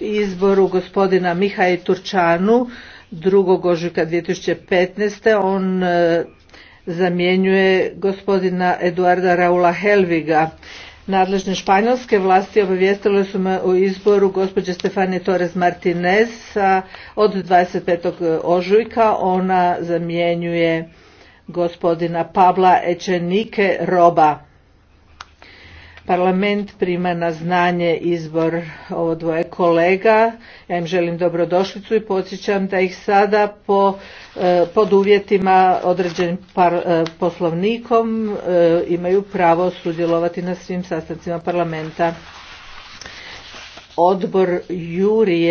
izboru gospodina Mihaj Turčanu 2. ožujka 2015. On e, zamjenjuje gospodina Eduarda Raula Helviga. Nadležne španjolske vlasti obavijestile su me o izboru gospođe stefanije Torres Martinez od 25. ožujka. Ona zamjenjuje gospodina Pabla Ečenike Roba. Parlament prima na znanje izbor ovo dvoje kolega. Ja im želim dobrodošlicu i podsjećam da ih sada po, e, pod uvjetima određenim e, poslovnikom e, imaju pravo sudjelovati na svim sastancima parlamenta. Odbor Juri